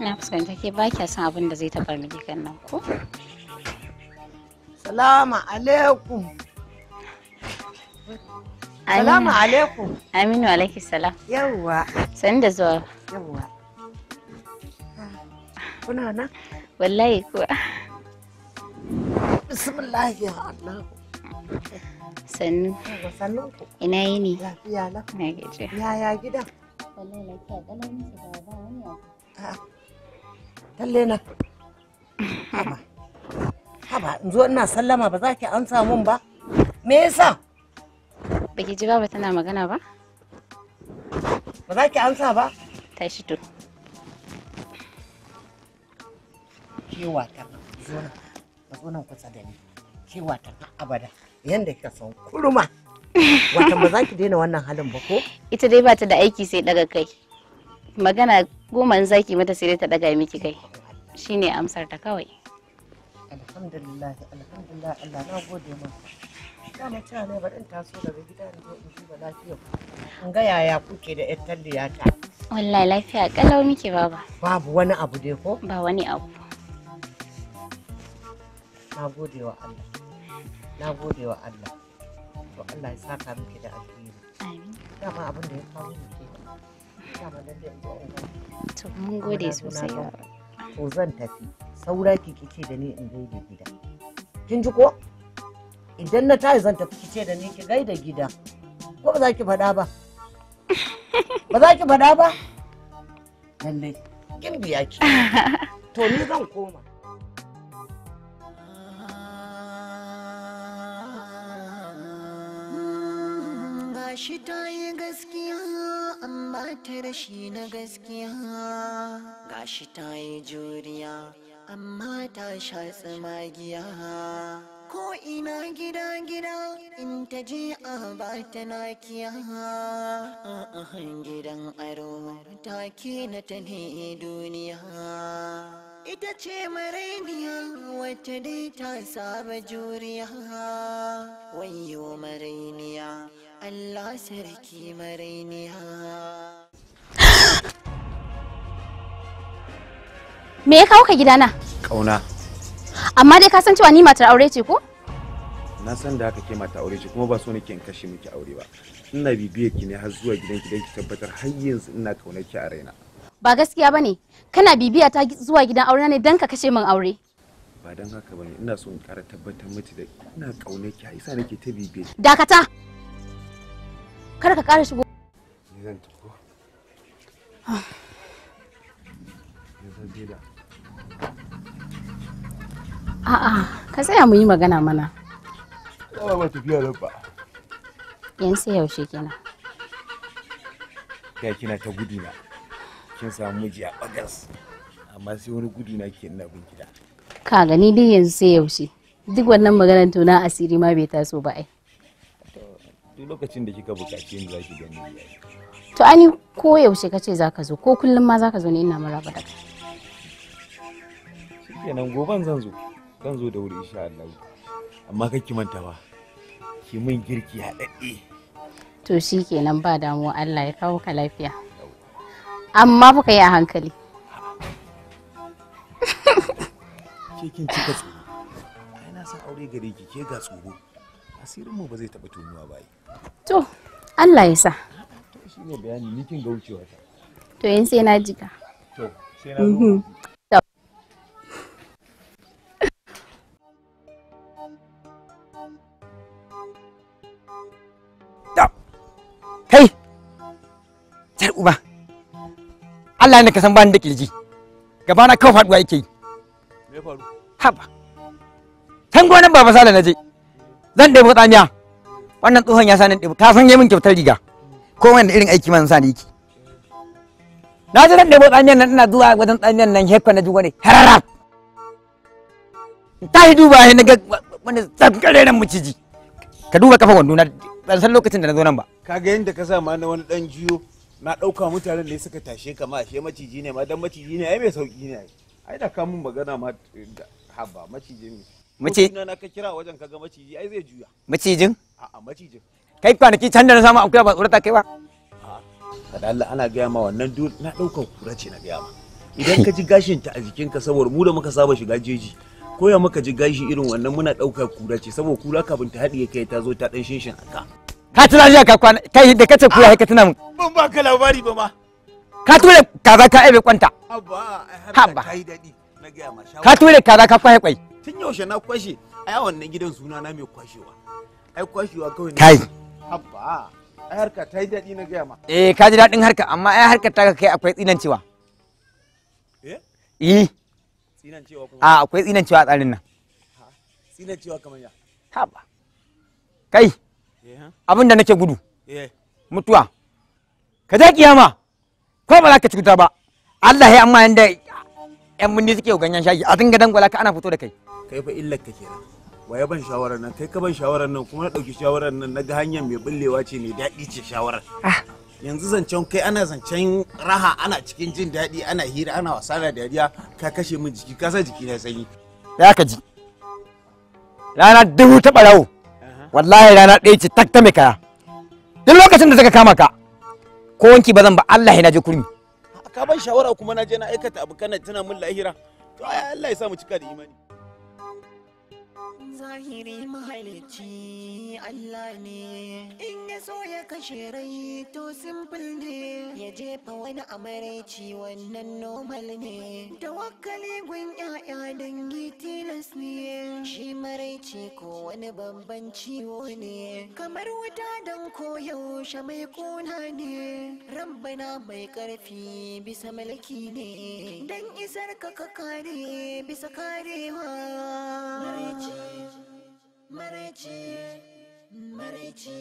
na fuskanta ke ba kya san abin da zai tabar miki kan nan ko salamu alaikum salamu alaikum aminu alaikum salam yawwa sani da zuwa yawwa kuna nan wallahi kuwa bismillahi allah sannu sannu ina ne lafiya na gaje yaya wallahi lafiya kalan su ba wani talle na haba haba in zo ina sallama ba za ki amsa mun ba me yasa baki ji baba tana magana ba ba za ki amsa ba tashi to kewa ta zo nan ka zo nan kusa da ni kewa ta abada yanda kika son kuruma watan ba za ki daina wannan halin ba ko ita dai ba ta da aiki sai daga kai magana goma in zaki mata sai ta daga miki kai shine amsar ta kawai alhamdulillah alhamdulillah Allah na gode ma dama ta ne bari in taso daga gida in zo in duba lafiya in ga yaya kuke da yar ta? wallahi lafiya kalau miki baba babu wani abu dai ko ba wani abu na gode wa Allah na gode wa Allah to Allah ya saka miki da alheri amin dama abin da ya faru ne. to mun gode sosai to zan tafi saura da ni in gaida gida kin ji ko idan na tashi zan tafi kice da ni ki gaida gida ko ba za ki faɗa ba ba za ki faɗa ba lallai kin biya ki to ni zan koma shi ta yi gaskiya amma ta rashi na gaskiya gashi ta yi juriya amma ta sha tsumagiya ko ina gida gida in ta je a ba ta nakiya a gidan aro ta ke na ta ne duniya ita ce marainiya Wata dai ta saba juriya wayo marainiya Allah sarki marainiya. Me ya kawo ka gidana? Kauna. Amma dai ka san cewa ni matar aure ce ko? Na san da haka ke mata aure ce kuma ba so nake in kashe miki aure ba. Ina bibiye ki ne har zuwa gidanki don ki tabbatar har yanzu ina kaunar ki a raina. Ba gaskiya bane. Kana bibiya ta zuwa gidan aure ne dan ka kashe min aure. Ba don haka ba ne ina so in kara tabbatar miki da ina kaunar ki har isa nake ta bibiya. Dakata. kar ka ƙara shigo zan tafi a'a ka tsaya mu yi magana mana ba ba tafiya da ba yan sai yaushe kina kai kina ta gudu na kin samu miji a bagas amma sai wani gudu na ke ina bin gida ka gani dai yanzu sai yaushe duk wannan maganar tona asiri ma bai taso ba ai duk lokacin da kika buƙaci ni zaki gani to ani ko yaushe kace zaka zo ko kullum ma zaka zo ne ina maraba da kai shikenan goban zan zo zan zo da wuri insha Allah amma kake manta ba ki min girki haɗaɗɗe to shikenan ba damuwa Allah ya kawo ka lafiya amma fa kai a hankali ke kin cika tsoro ai na san aure gare ki ke ga tsoro asirin mu ba zai taba tunuwa ba to allah ya sa shi ne bayani ni kin ga wucewa ta to yin sai na jika to sai na mhm. Kai! uba! Allah ne ka san bani da kirji. gaba na kawo faduwa yake yi. Me faru? Haba. Tango nan baba sala naje zan ɗebo tsamiya wannan tsohon ya sanin ɗebo ka san yi min kyautar riga ko wanda irin aiki man sani yake na ji zan ɗebo tsamiyan nan ina zuwa wajen tsamiyan nan hekwa na ji ne hararraf ta yi duba ya ga wani tsakareren maciji ka duba kafa wando na ban san lokacin da na zo nan ba ka ga yadda ka sa ma na wani ɗan jiyo na ɗauka mutanen da ya suka tashe ka ma ashe maciji ne ma dan maciji ne ai mai sauki ne ai da kamun magana ma haba maciji ne mace na ka kira wajen ka ga maciji ai zai juya macijin a'a macijin kai kwanaki can da na samu akuya ba tsorata kai ba da Allah ana gaya ma wannan dole na daukar kura ce na gaya ma idan ka ji gashin ta a jikinka saboda mu da muka saba shiga jeji koya maka ji gashi irin wannan muna daukar kura ce saboda kura kafin ta haɗiye kai ta zo ta dan shinshin aka ka tuna jiya ka kwana kai da kace kura ka tuna mun ban ba ka labari ba ma ka tura kaza ka aibe kwanta haba haba ka tura kaza ka kwai kwai tun yaushe na kwashe a yawon na gidan suna na mai kwashewa ai kwashewa kawai kai abba ai harka ta yi daɗi na gaya ma eh ka ji daɗin harka amma ai harka ta kai akwai tsinancewa eh yi eh. tsinancewa kuma a akwai tsinancewa tsarin nan tsinancewa kamar ya haba kai eh, abin da nake gudu eh. mutuwa ka je kiyama ko ba za ka cuta ba Allah ya amma yanda yan mundi suke ganyen shagi a dinga dangwala ka ana fito da kai kai fa illar ka kenan waye ban shawarar nan kai ka ban shawarar nan kuma na dauki shawarar nan naga hanyar mai bullewa ce mai daɗi ce shawarar ah. yanzu zancen kai ana zancen raha ana cikin jin daɗi ana hira ana wasa da dariya ka kashe min jiki ka sa jiki na sanyi ya ka ji rana dubu ta ɓarawo wallahi rana ɗaya ce tak ta mai kaya duk lokacin da zaka kama ka ko wanki ba zan ba Allah ya naje kurmi ka ban shawara kuma na je na aikata abu kana tana min lahira to ai Allah ya sa mu cika da imani zahiri mahalicci Allah ne in ya so ya kashe rai to simple ne ya jefa wani amaraici wannan normal ne tawakkali gun ya'ya dangi tilas ne shi maraici ko wani babban ciwo ne kamar wuta don ko yaushe mai kuna ne rambana mai karfi bisa mulki ne dan isar ka ka kare bisa karewa maraici maraice maraice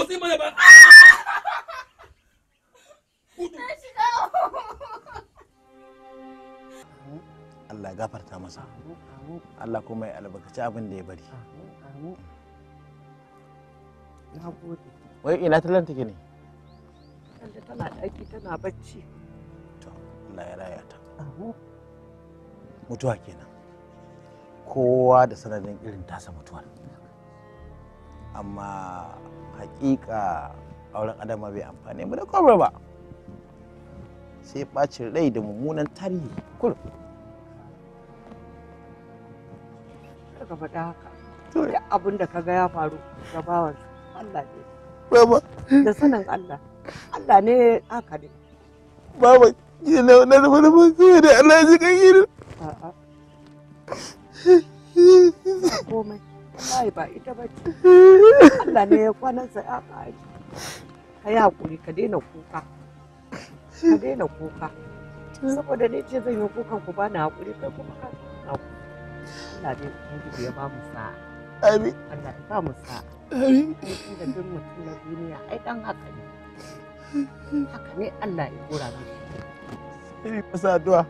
Não motsi mana ba Allah gafarta masa Allah kuma ya albarkaci abin da ya bari Na gode. wai ina talan take ne tana ɗaki tana bacci to Allah ya raya ta mutuwa kenan kowa da sanadin irin tasa mutuwar amma hakika auren adama bai amfani mu da kwamar ba sai bacin rai da mummunan tarihi kul ka faɗa haka duk abin da kaga ya faru ga bawan Allah ne baba da sanin Allah Allah ne haka ne baba ki na na rufe rufe sai da Allah ya ji kan gidan a'a komai wallahi ba ita ba ce Allah ne ya sa, ya ƙari ka yi haƙuri ka daina kuka ka daina kuka saboda ne ce zan yi kukan ku bani haƙuri kai kuma ka Allah ne ubangiji ya ba mu sa'a amin Allah ya ba mu sa'a amin da duk mutum na duniya ai dan haka ne haka ne Allah ya gora mu Iri masa addu'a.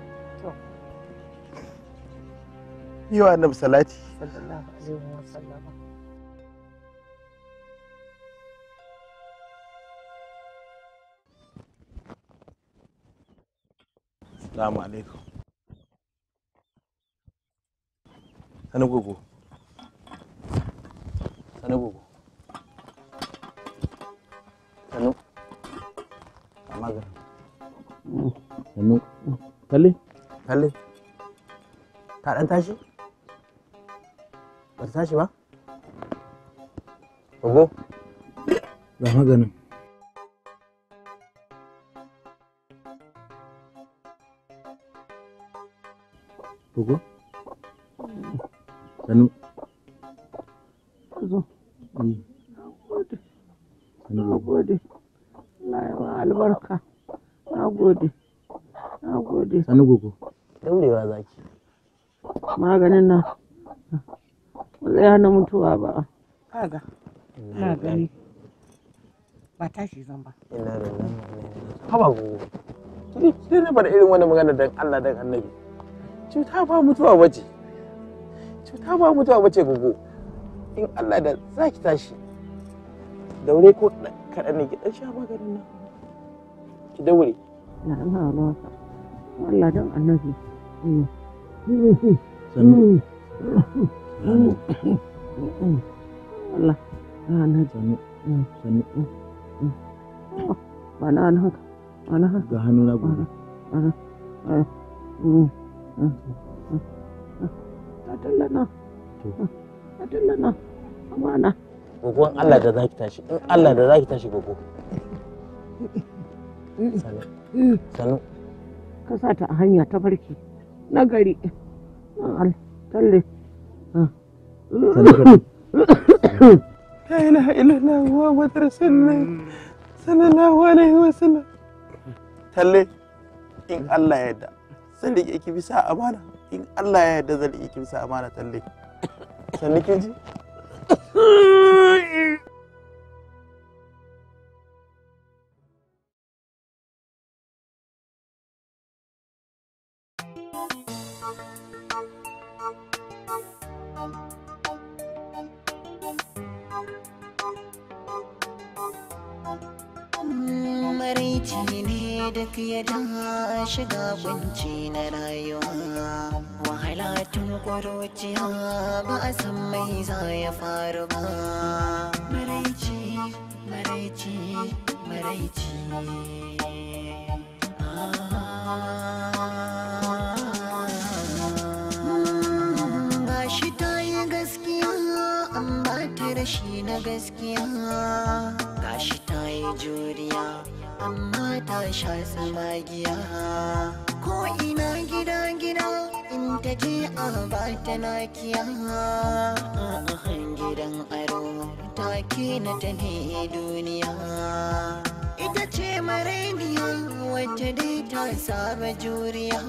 yi wa annabi salati sallallahu Sani Sani magana, Kalle? Kalle. ɗan tashi? ba ta tashi ba ogo ga maganin ogo sanu mm. na gode albarka na gode na gode sanu gogo zaki maganin nan tsaya na mutuwa ba kaga na gani ba tashi zan ba ina da nan haba ba. sai na bar irin wannan magana dan Allah dan Annabi cuta ba mutuwa bace cuta ba mutuwa bace gogo in Allah da zaki tashi daure ko kaɗan ne ki dan sha maganin nan ki daure na Allah na Allah dan Annabi sannu mm. Mm. Allah na jami jami ba ta Allah da zaki tashi tashi gogo sanu ka sa ta a hanya ta barki na gari talle la ilaha illallah muhammad rasulullah sallallahu alaihi wasallam talle in Allah ya yarda zan rike ki bisa amana in Allah ya yarda zan rike ki bisa amana talle Thank you. maraici ne duk ya da shiga kunci na rayuwa wahala tun ƙuruciya ba a san mai za ya faru ba maraici maraici maraici ah. gashi ta gaskiya na gaskiya gashi ta yi juriya ta sha magiya ko ina gida gida in ta je a ba ta nakiya gidan aro ta ke na ta ne duniya ita ce mareniya wacce dai ta saba juriya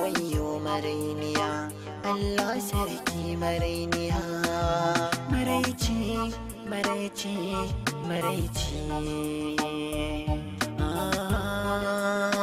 wayo Marainiya. Allah sarki Marainiya. Maraice, Maraice, Maraice. Mama.